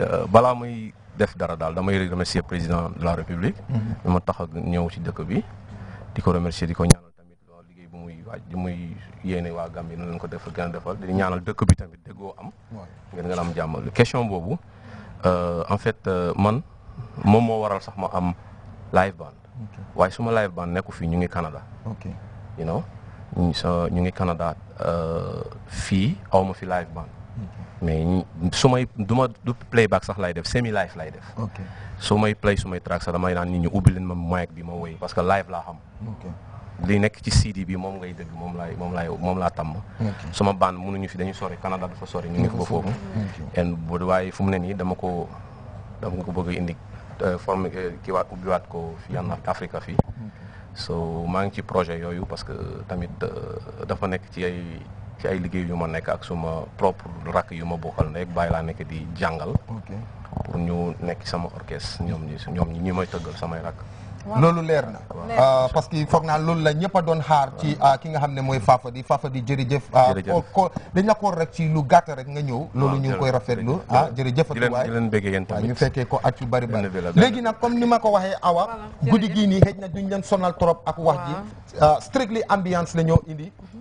ni euh, balaa may def dara daal damay remercier président de la république. bi mhm. ma tax a ñëw si dëkk bi. di ko remercier di ko ñaanal tamit liggéey bu muy waaj bu muy yéene waa Gambie noonu leen ko def gën a defal di ñaanal dëkk bi tamit déggoo am. ngeen ngeen am jàmm question boobu euh, en fait euh, man moom moo waral sax ma am live band. waaye suma live band nekku fii ñu ngi Canada. ok you know ñu ngi Canada fii awma fi live band. mais su may du ma du playback sax lay def semi live lay def. su may play su may track sax damay naan ñi ñu leen ma mic bi ma woy parce que live laa xam. li nekk ci CD bi moom ngay dëgg moom laay moom laay moom laa tàmm. sama band mënuñu fi dañu sori Canada dafa sori ñu ngi fa foofu. en waaye fu mu ne nii dama ko dama ko bëgg indi euh, forme euh, kii waat ubbiwaat ko fi am Africa fii. so maa ngi ci projet yooyu parce que tamit euh, dafa nekk ci ay. ci ay liggéey yu ma nekk ak suma propre rak yu ma bokkal nekk bàyyi laa nekk di jàngal pour ñu nekk sama orchestre ñoom ñi ñoom ñi ñi may tëggal samay rak. loolu leer na ah, parce que foog naa loolu la ñëpp a doon xaar ci ah, ki nga xam ne mooy Fafa di jërëjëf ah, ko dañ la ko rek ci lu gàtt rek nga ñëw loolu ñu ngi koy rafetlu ah jërëjëf waay ñu fekkee ko at yu bari bari léegi nag comme ni ma ko waxee awa guddi gii nii xëj na duñ leen sonal trop ak wax ji strictly ambiance la ñoo indi mhm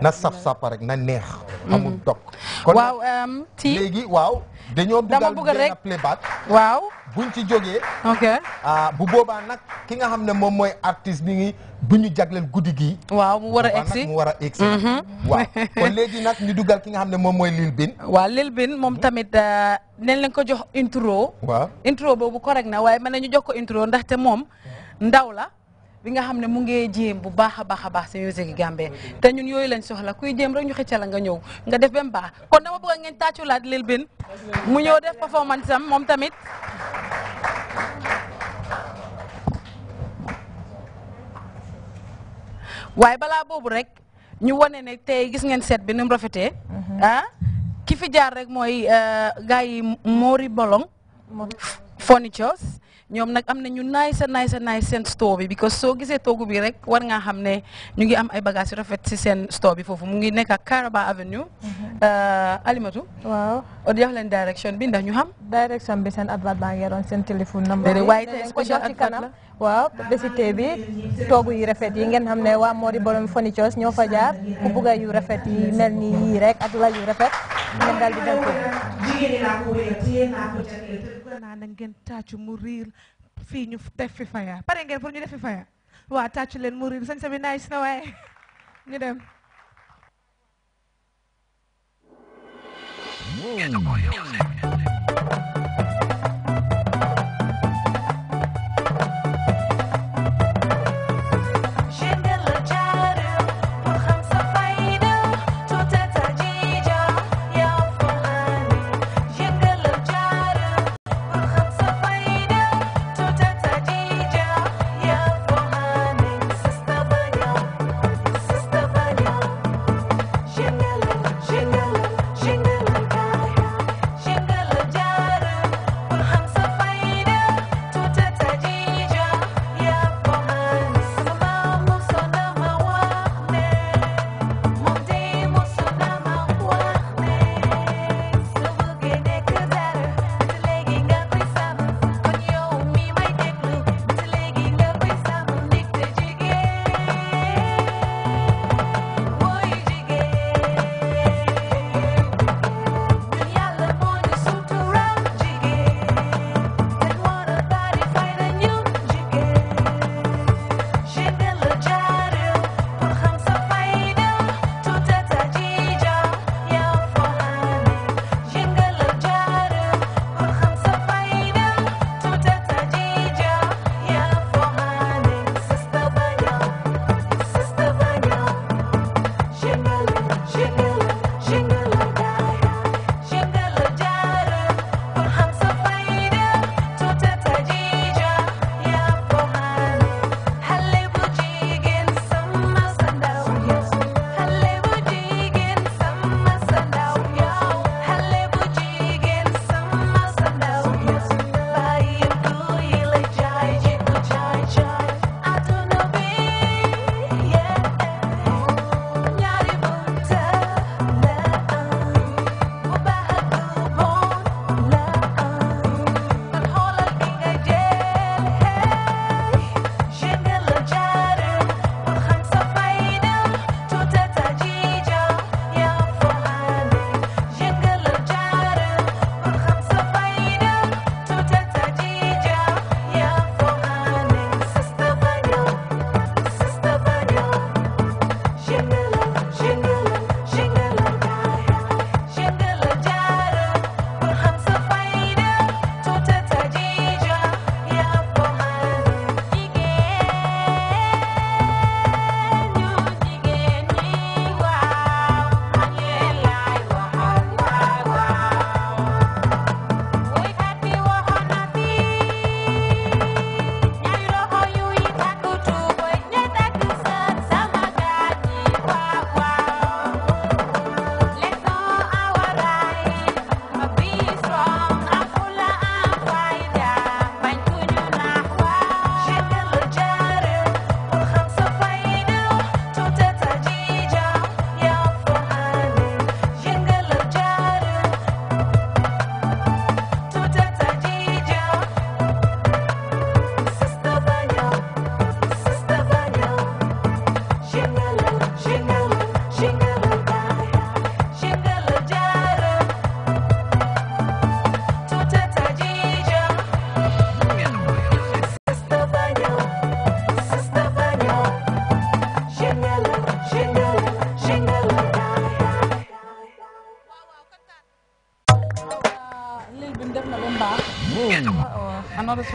na saf saf rek na neex mm. amul dog kon waaw ci léegi waaw dañoo dugal benn playback waaw buñ ci joggé ok ah, bu boba nak ki nga xamné mom moy artiste bi ngi buñu ñu guddigi guddi waaw mu wara exi mu wara exi mhm. waaw kon legui nak ñu dugal ki nga xamné mom moy Lil Bin waaw Lil Bin mom mhm. tamit euh, nañ lañ ko jox intro waaw intro bobu correct na waye mën nañu jox ko intro té mom, mhm. ndaw la bi nga xam ne mu ngee jéem bu baax a baax a baax si musique yi Gambie te ñun yooyu lañ soxla kuy jéem rek ñu xëcca la nga ñëw nga def ba mu baax kon dama bëgg ngeen tàcculaat lil bin mu ñëw def performance am moom tamit waaye balaa boobu rek ñu wane ne tey gis ngeen set bi ni mu mhm. ah, ki fi jaar rek mooy euh, gars yi Mori Bolong Furnitures ñom nak amna ñu nay sa nay sa nay sen store bi because so gisee togu bi rek war nga xam ñu ngi am ay bagage rafet ci sen store bi fofu mu ngi nek ak Karaba Avenue. Mhm. Euh, Alimatu. waaw oh, di wax leen direction bi ndax ñu xam. direction bi sen advert ba ngi sen téléphone number. way tey special advert la waaw desité bi togu yi rafet yi ngeen xam wa modi borom furniture ñoo fa jaar ku bëgg yu rafet yi mel ni rek ak la yu rafet. ngeen daal di dem ko jigéen laa na ngeen tàccu mu riir fii ñu def fi faya pare ngeen pour ñu def fi faya waa tàccu leen mu riir sañ sa bi nice na waaye ñu dem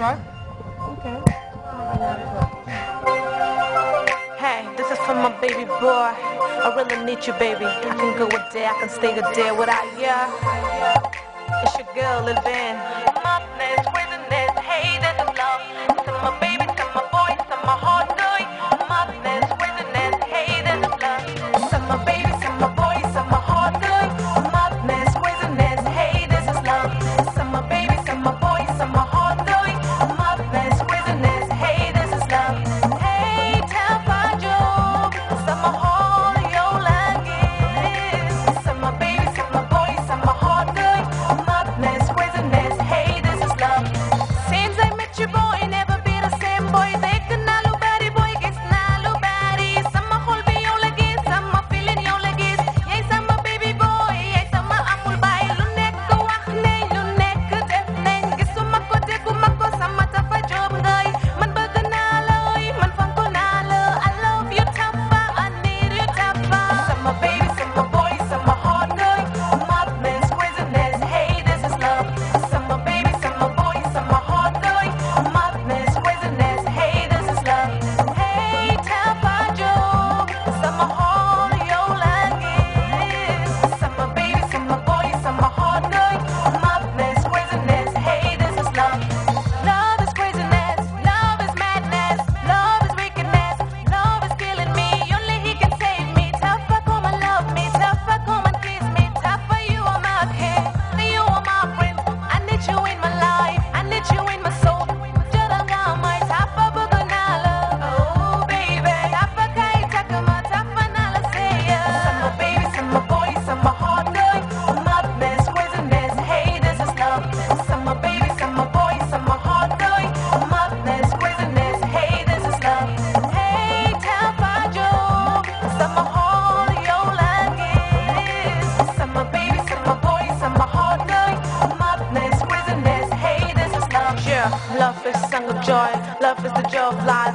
right? Okay. Hey, this is for my baby boy. I really need you, baby. I can go a day, I can stay a day without you. It's your girl, Lil Ben. hate and love. This is my baby.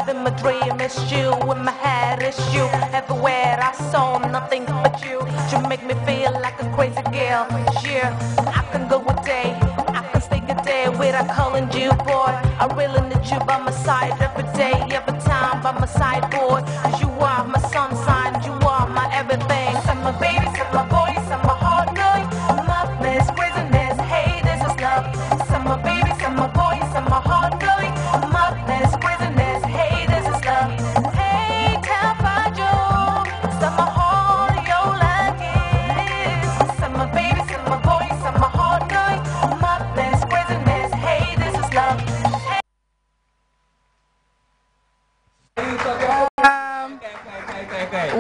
in my dream it's you in my head it's you everywhere i saw nothing but you you make me feel like a crazy girl yeah i can go a day i can stay a day without calling you boy i really need you by my side every day every time by my side boy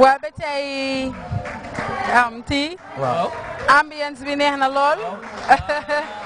waa ba tey am tii ambiance bi neex na lool